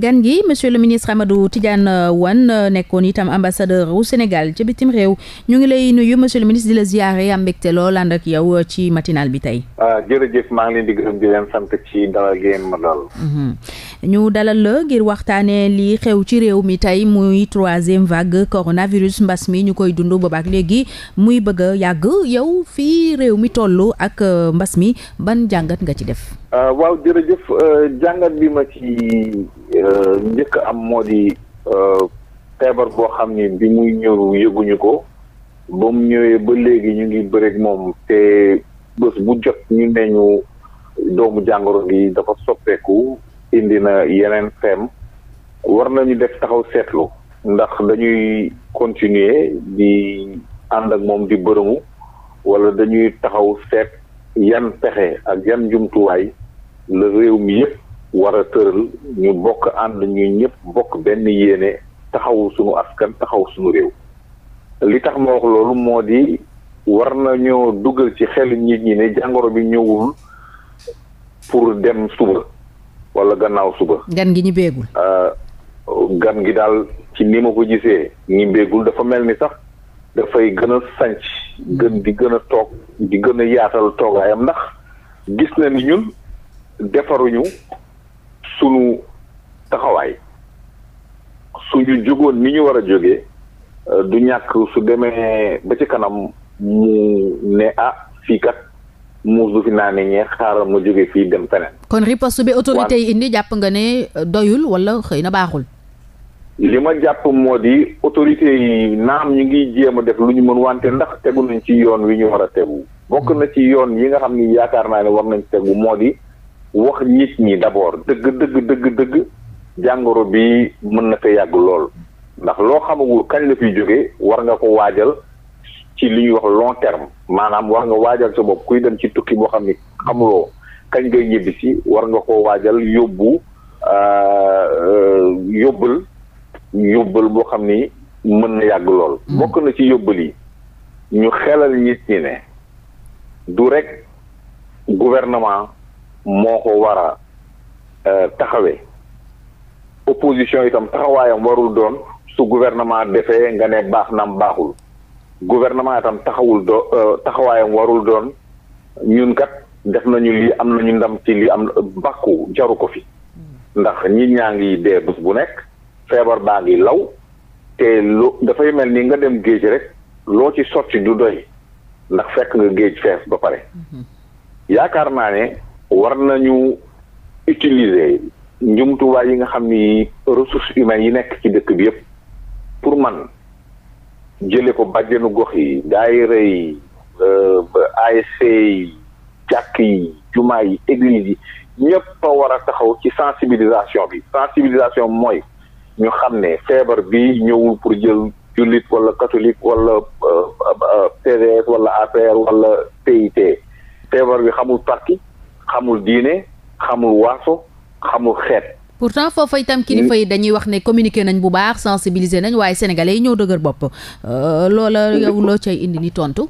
gan gi monsieur le ministre Amadou Tidiane euh, Wane euh, nekkoon itam ambassadeur wu Sénégal ca bitim réew ñu ngi lay nuyu monsieur le ministre di la ziare am mbégte lool ànd ak yow euh, ci matinal bi tey. Ah, jërëjëf maa ngi leen di gërëm di leen sant ci dalal ngeen ma mhm. ngir waxtaanee li xew ci réew mi tey muy troisième vague coronavirus mbas mi ñu koy dund boobaak léegi muy bëgg yàgg yow fii réew mi toll ak mbas mi ban jàngat nga ci def. Ah, waaw jërëjëf jàngat bi ma ci. Euh, njëkk am moo di euh, feebar boo xam ni bi muy ñëw yëguñu ko ba mu ñëwee ba léegi ñu ngi bëreeg moom te bés bu jot ñu ne ñu doomu jàngoro gi dafa soppeeku indi na yeneen feem war nañu def taxaw seetlu ndax dañuy continuer di ànd ak moom di bërëmu wala dañuy taxaw seet yan pexe ak yan jumtuwaay la réew mi yëpp war a tëral ñu bokk ànd ñu ñëpp bokk benn yéene taxawu suñu askan taxaw suñu réew li tax ma wax loolu moo di war nañoo dugal ci xel nit ñi ne jàngoro bi ñëwul pour dem suba wala gannaaw suba. gan gi ñu béegul. Euh, gan gi daal ci ni ma ko gisee ñi dafa mel ni sax dafay gën a sanc gën di gën a toog di gën a yaatal toogaayam ndax gis na ni ñun defaruñu sunu taxawaay su suñu jógoon ni ñu war a jóge euh, du ñàkk su demee ba ci kanam mu ne ah fii kat muus du fi naa ne ñee xaaral ma jóge fii dem feneen. kon riposte bi autorité yi indi jàpp nga ne doyul wala xëy na baaxul. li ma jàpp moo di autorité yi naam ñu ngi jéem a def lu ñu mën wante ndax tegu nañ ci yoon wi ñu war a tegu. bokk na ci yoon yi nga xam ni yaakaar naa ne war nañ tegu moo di wax nit ñi d'abord dëgg dëgg dëgg dëgg jàngoro bi mën na fee yàgg lool ndax loo xamagul kañ la fiy jóge war nga ko waajal ci li ñuy wax long terme maanaam war nga waajal sa bopp kuy dem ci tukki boo xam ni xamuloo kañ ngay ñibbisi war nga ko waajal yóbbu euh, euh, yóbbal yóbbal boo xam ni mën na yàgg lool hmm. bokk na ci yóbbal yi ñu xelal nit ñi ne du rek gouvernement moo ko war a euh, taxawee opposition itam taxawaayam warul doon su gouvernement defee nga ne baax nam baaxul gouvernement itam taxawul do euh, taxawaayam warul doon ñun kat def nañu lii am nañu ndam ci lii am bàkku jaru ko fi ndax nit ñaa ngi dee bés bu nekk feebar baa ngi law te lu dafay mel ni nga dem géej rek loo ci sotti du doy ndax fekk nga géej fees ba pare mm-hmm. yaakaar naa ne war nañu utiliser njumtuwaay yi nga xam ni ressources humaines yi nekk ci dëkk bi yëpp pour man jële ko bàjjenu gox yi daayira yi euh, ASC yi jàkk yi jumaa yi église yi ñëpp a war a taxaw ci sensibilisation bi sensibilisation mooy ñu xam ne feebar bi ñëwul pour jël jullit wala catholique wala euh, euh, PDS wala APR wala PIT feebar bi xamul parti xamul diine xamul waasu xamul xeet. pourtant foofa itam kilifa yi dañuy wax ne communiqué nañ bu baax sensibilisé nañ waaye sénégalais yi ñëw dëgër bopp euh, loola yow loo cay indi ni tontu.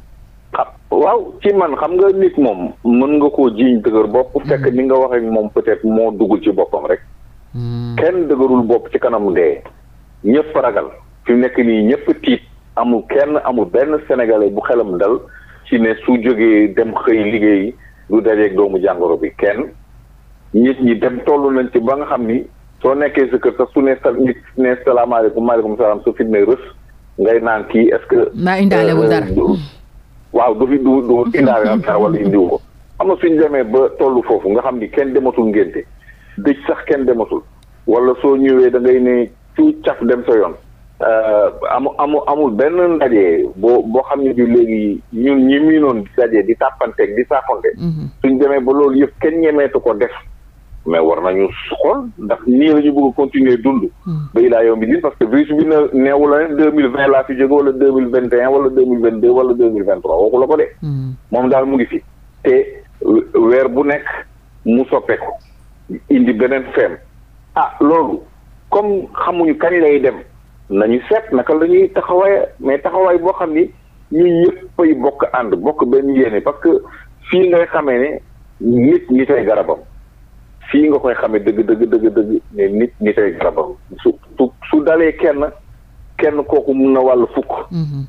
waaw ci man xam nga nit moom mën nga ko jiiñ dëgër bopp fekk ni nga wax ak moom peut-être moo duggul ci boppam rek hmm. kenn dëgërul bopp ci kanam dee ñëpp ragal fi nekk nii ñëpp tiit amul kenn amul benn sénégalais bu xelam dal ci ne su jógee dem xëy liggéey du dajeeg doomu jàngoro bi kenn nit ñi dem toll nañ ci ba nga xam ni soo nekkee sa kër sax su ne sa nit ne salaamaaleykum maaleykum salaam su fi rës ngay naan kii est-ce que. maa indaalewul euh, dara. waaw du fi du du indaale dara wala indiwu ko. am na suñ demee ba tollu foofu nga xam ni kenn dematul ngénte dëj sax kenn dematul. wala soo ñëwee da ngay ne ci caf dem sa yoon. Euh, amu amu amul benn ndaje boo boo xam ne bi léegi ñun ñi miinoon di daje di tàppanteeg di saafonte mhm. suñ demee ba loolu yëpp kenn ñemeetu ko def mais war nañu xool ndax nii la ñu bëgg continuer dund mhm. bay laa yow mi din parce que virus bi na neewu la ne deux mille vingt laa fi jóge wala deux mille vingt et un wala deux mille vingt trois waxu la ko de mhm. moom daal mu ngi fi te weer bu nekk mu soppeeku indi beneen feem ah loolu comme xamuñu kañ lay dem nañu seet naka la ñuy taxawaay mais taxawaay boo xam ni ñun ñëpp ay bokk ànd bokk benn yéene parce que fii ngay xamee ne nit ñi tey garabam fii nga koy xame dëgg dëgg dëgg dëgg ne nit ñi tey garabam su su dalee kenn kenn kooku mun na wàll fukk mhm.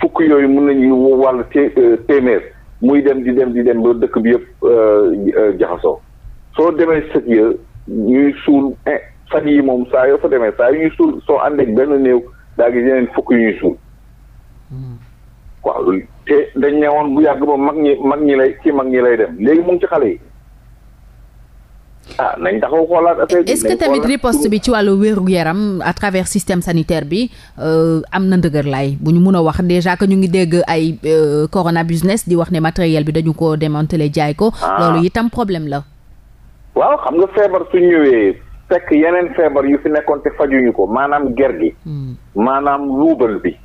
fukk yooyu mun nañu wàll euh, téeméer muy dem di dem di dem ba dëkk bi yëpp euh, jaxasoo soo demee sëg ya ñuy suul fan yi moom saa yoo fa demee saa yu ñuy suul soo ànd benn néew daa gis yeneen fukk yu ñuy suul hmm. waaw te dañ ne woon bu yàgg ba mag ñi mag ñi lay ci mag ñi lay dem léegi mu ngi ci xale yi ah nañ taxaw xoolaat affaire bi est que tamit riposte bi ci wàllu wérgu yaram à travers système sanitaire bi euh, am na ndëgër laay bu ñu mun a wax déjà que ñu ngi dégg ay euh, corona business di wax ne matériel bi dañu ko démantelé jaay ko ah. loolu itam problème la waaw xam nga feebar su ñëwee fekk yeneen feebar yu fi nekkoon te fajuñu ko maanaam ger gi hmm. maanaam luubal bi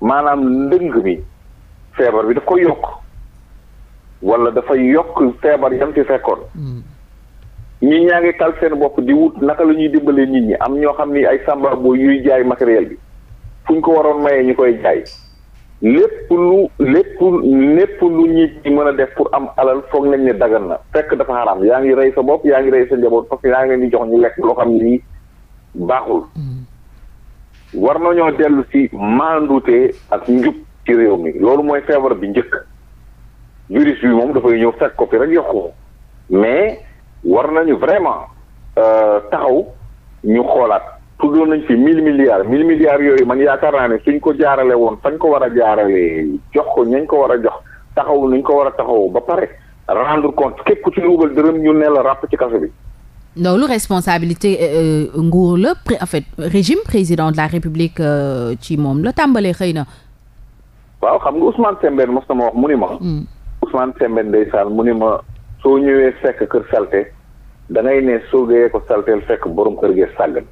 maanaam ndëng bi feebar bi daf ko yokk wala dafay yokk feebar yam fi fekkoon ñi hmm. ñaa ngi tal seen bopp di wut naka la ñuy dimbalee nit ñi am ñoo xam ni ay samba boo yuy jaay matériel bi fu ñu ko waroon mayee ñu koy jaay lépp lu lépp lépp lu ñi mën a def pour am alal foog nañ ne dagan na fekk dafa xaraam yaa ngi rey sa bopp yaa ngi rey sa njaboot parce que yaa ngi leen jox ñu lekk loo xam ni baaxul hmm. war nañoo dellu ci maandute ak njub ci réew mi loolu mooy feebar bi njëkk virus bi moom dafay ñëw fekk ko fi rek yokku mais war nañu vraiment euh, taxaw ñu xoolaat tuddoon nañ fi mille milliards mille milliards yooyu man yaakaar naa ne suñ ko jaarale woon fañ ko war a jaarale jox ko ñañ ko war a jox taxaw nuñ ko war a taxaw ba pare rendre compte képp ku ci luubal dërëm ñu ne la ràpp ci kaso bi. loolu responsabilité euh, euh, nguur la en fait régime président de la république euh, ci moom la tàmbalee xëy na. waaw xam nga Ousmane Sembène mos na ma wax mu ni ma. Hmm. Ousmane Sembène ndeysaan mu ni ma soo ñëwee fekk kër salte da ngay ne soo gëyee fekk borom kër gee sàggan.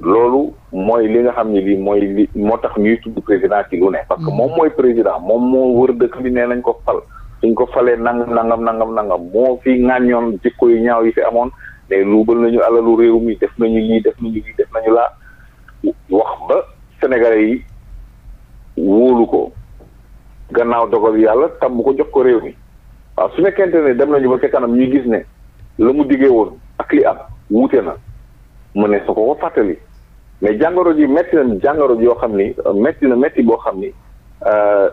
loolu mooy li nga xam ni lii mooy li moo tax ñuy tudd président ci lu ne. parce que mm. moom mooy président moom moo wër dëkk bi nee nañ ko fal suñ ko falee nangam nangam nangam nangam moo fi ŋàññoon jikko yu ñaaw yi fi amoon ne luubal nañu alalu réew mi def nañu lii def nañu lii def nañu laa wax ba sénégalais yi wóolu ko gannaaw dogal yàlla tam ko jox ko réew mi waaw su nekkente ne dem nañu ba ca kanam ñuy gis ne la mu diggee woon ak li am wuute na. mu ne su ko ko fàttali mais jàngoro ji métti na jàngoro joo xam ni métti na métti boo xam ni euh,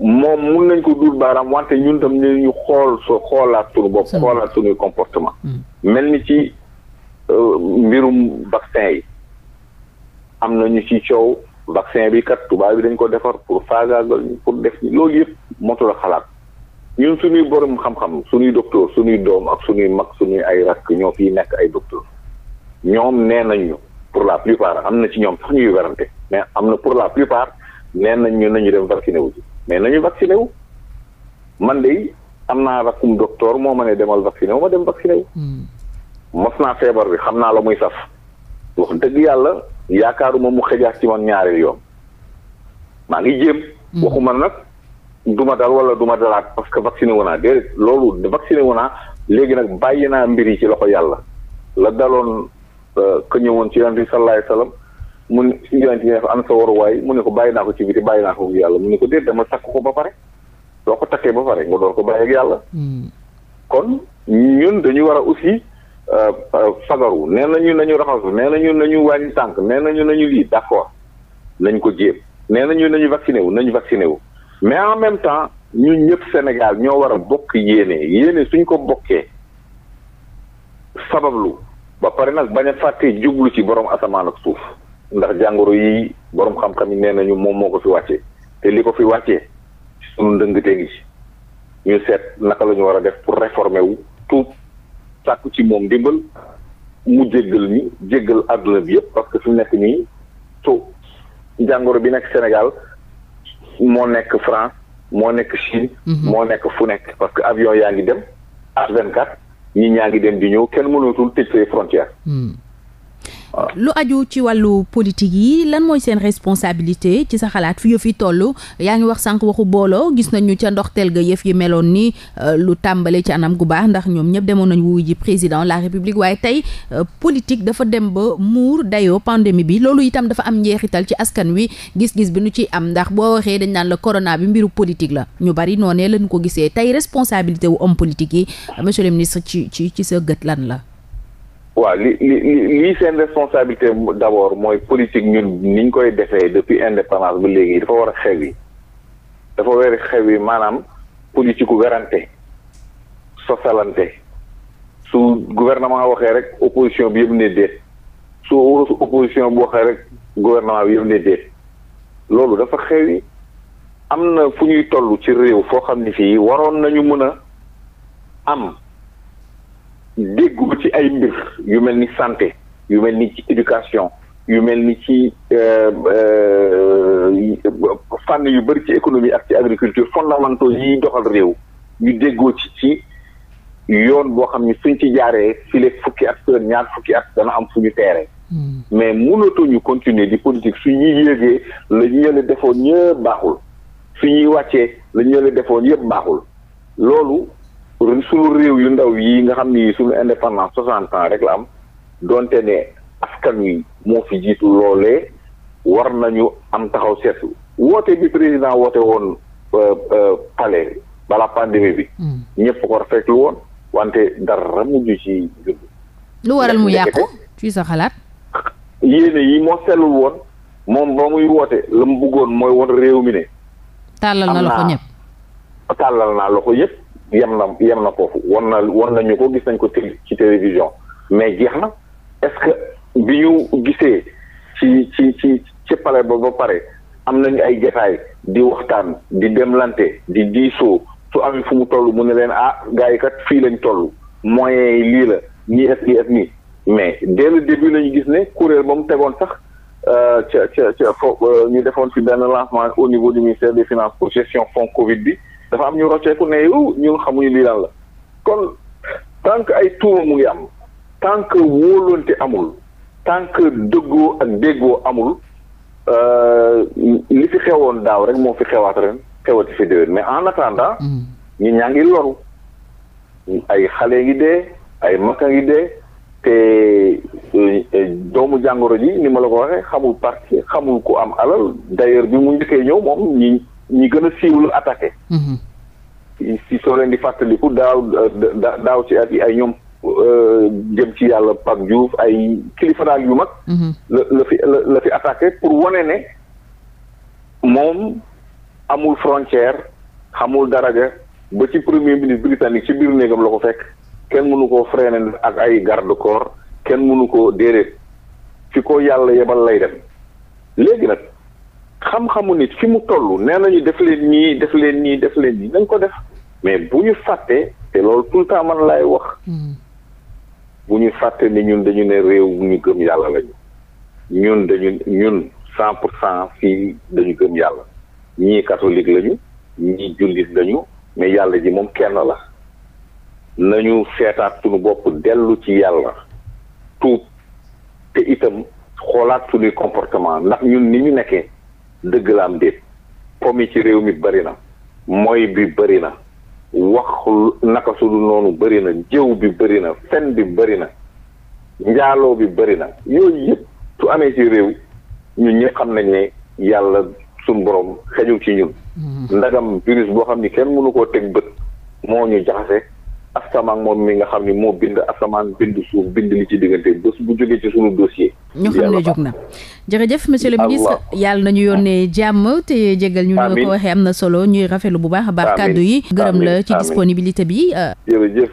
moom mun nañ ko duur baaraam wante ñun tam ñu xool soo xoolaat suñu bopp xoolaat suñuy comportement hmm. mel ni ci euh, mbirum vaccin yi am na ñu ci coow vaccin bi kat tubaab bi dañ ko defar pour faagaagal pour def loolu yëpp motul a xalaat ñun suñuy borom xam-xam suñuy docteur suñuy doom ak suñuy mag suñuy ay rakk ñoo fiy nekk ay docteur ñoom nee nañu pour la plupart am na ci ñoom sax ñuy werante mais am na pour la plupart nee nañ ñu nañu dem vacciné wu ji mais nañu vacciné wu man de am naa rakkum docteur moo ma ne demal vacciné wu ma dem vacciné wu. Hmm. mos naa feebar bi xam naa la muy saf wax dëgg yàlla yaakaaruma mu xëjaat ci man ñaari yoon maa ngi jéem. Hmm. waxuma nag duma dal wala duma dalaat parce que vacciné wu naa déedéet loolu vacciné wu naa léegi nag bàyyi naa mbir yi ci loxo yàlla la daloon. que ñëwoon ci yonent bi sallallahu alayhi wa mu ne si yonent am sa waruwaay mu ne ko bàyyi naa ko ci biti bàyyi naa ko ak yàlla mu ne ko déet dama takk ko ba pare soo ko takkee ba pare nga door ko bàyyi ak yàlla. Hmm. kon ñun dañu war a aussi euh, fagaru nee nañu nañu raxasu nee nañu nañu wàññi tànk nee nañu nañu lii d'accord nañ ko jéem nee nañu nañu vacciné wu nañu vacciné wu mais en même temps ñun ñëpp Sénégal ñoo war a bokk yéene yéene suñ ko bokkee sabablu. ba pare nag bañ a fàtte jublu ci borom asamaan ak suuf ndax jàngoro yi borom xam-xam yi nee nañu moom moo ko fi wàccee te li ko fi wàccee sunu seet naka la war a def pour réformer wu tuub ci moom dimbal mu jéggal ñu jéggal bi yëpp parce que fi mu nekk nii so jàngoro bi nekk Sénégal moo nekk France moo nekk Chine. Mhm. moo nekk fu nekk parce que avion yaa ngi dem H24. ñi ñaa ngi dem di ñëw kenn mënatul tëj say lu aju ci wàllu politique yi lan mooy seen responsabilité ci sa xalaat fi yëf yi toll yaa ngi wax sànq waxu booloo gis nañu ca ndoxteel ga yëf yi meloon ni euh, lu tàmbale ci anam gu baax ndax ñoom ñëpp demoon nañu wuy ji président la république waaye tey euh, politique dafa dem ba muur dayoo pandémie bi loolu itam dafa am njeexital ci askan wi gis-gis bi nu ci am ndax boo waxee dañ naan la corona bi mbiru politique la ñu bari noonee lañ ko gisee tey responsabilité wu homme politique yi euh, monsieur le ministre ci ci ci sa gët lan la waaw li li lii seen responsabilité d' abord mooy politique ñu ni koy defee depuis indépendance ba léegi dafa war a xew dafa war a xew yi maanaam politique u werante sosalante su gouvernement waxee rek opposition bi yëpp ne déet su opposition bu waxee rek gouvernement bi yëpp ne loolu dafa xew yi am na fu ñuy toll ci réew foo xam ne fii waroon nañu mën a am ay mbir yu mel ni santé yu mel ni ci éducation yu mel ni ci euh, euh, fànn yu bëri ci économie ak ci agriculture fondamentaux yiy doxal réew ñu déggoo ci ci yoon boo xam ni suñ ci jaaree file fukki at seen ñaar fukki at dana am fu ñu teere hmm. mais mënatoo ñu continuer di politique su ñuy yéegee la ñu leen defoon ñëpp baaxul su ñuy wàccee la ñu leen defoon yëpp baaxul loolu. suñu réew yu ndaw yi nga xam ni suñu indépendance soixante an rek la am donte ne askan wi moo fi jiitu loolee war nañu am taxaw seetlu woote bi président woote woon euh, euh, palais bala pandémie bi hmm. ñëpp ko rafetlu woon wante dara mujj ci judd lu waral mu yàqu ci sa xalaat yéene yi moo sellul woon moom ba muy woote la mu bëggoon mooy woon réew mi ne tàllal na loxo ñëpp naa loxo ñëpp yem na yem na foofu won na won ñu ko gis nañ ko ci télévision mais jeex na est-ce que bi ñu gisee ci ci ci ci ba ba pare am nañu ay jataay di waxtaan di demlante di diisoo su amee fu mu toll mu ne leen ah gars yi kat fii lañ toll moyens yi lii la ñii est lii nii mais dès le début la ñu gis ne kuréel ba mu tegoon sax euh, ca ca ca fo euh, ñu defoon fi benn lancement au niveau du ministère des finances pour gestion fonds Covid bi dafa am ñu rocceeku ne yow ñun xamuñu lii lan la kon tant que ay tuuma mu ngi am tant que wóolonte amul tant que dëggoo ak déggoo amul euh, li fi xewoon daaw rek moo fi xewaat ren xewati fi déwén mais en attendant mm. ñi ñaa ngi loru ay xale ngi dee ay makka ngi dee te euh, doomu jàngoro ji ni ma la ko waxee xamul parti xamul ku am alal d'ailleurs bi mu njëkkee ñëw moom ñi ñi gën a siiw la attaqué. Mhm. si soo leen di fàttaliku daaw daaw ci ay ñoom euh, jëm ci yàlla Pape Diouf ay kilifa daal yu mag. Mhm. la la fi la la fi attaqué pour wane ne moom amul frontière xamul daraja ba ci premier ministre britannique ci biir néegam la ko fekk kenn mënu koo freiné ak ay garde corps kenn mënu koo déedéet fi ko yàlla yebal lay dem léegi nag. xam-xamu nit fi mu toll nee nañu def leen ñii def leen ñii def leen nii nañ ko def mais bu ñu fàttee te loolu tout temps man laay wax hmm. bu ñu fàtte ni ñun dañu ne réew bu ñu gëm yàlla lañu ñun dañu ñun cent pour cent fii dañu gëm yàlla ñii catholique lañu ñii jullit lañu mais yàlla ji moom kenn la nañu seetaat suñu bopp dellu ci yàlla tuub te itam xoolaat suñuy comportement ndax ñun ni ñu nekkee dëgg la am déet pomm yi ci réew mi bëri na mooy bi bëri na wax naka su dul noonu bëri jëw bi bëri na fen bi bëri na njaaloo bi bëri na yooyu yëpp su amee ci réew ñu ñëpp xam nañ ne yàlla suñ borom xejul ci ñun. Mm-hmm. ndagam virus boo xam ni kenn mënu koo teg bët moo ñu jaxase. sama moom mi nga xam ne moo bind asamaan bind suuf bind li ci diggante bés bu jógee ci sunu dossier. ñu xam ne jóg na jërëjëf monsieur le ministre yàlla nañu yónnee jàmm te jégal ñu ñu ko waxee am na solo ñuy rafetlu bu baax a baax kàddu yi gërëm la ci disponibilité bi euh,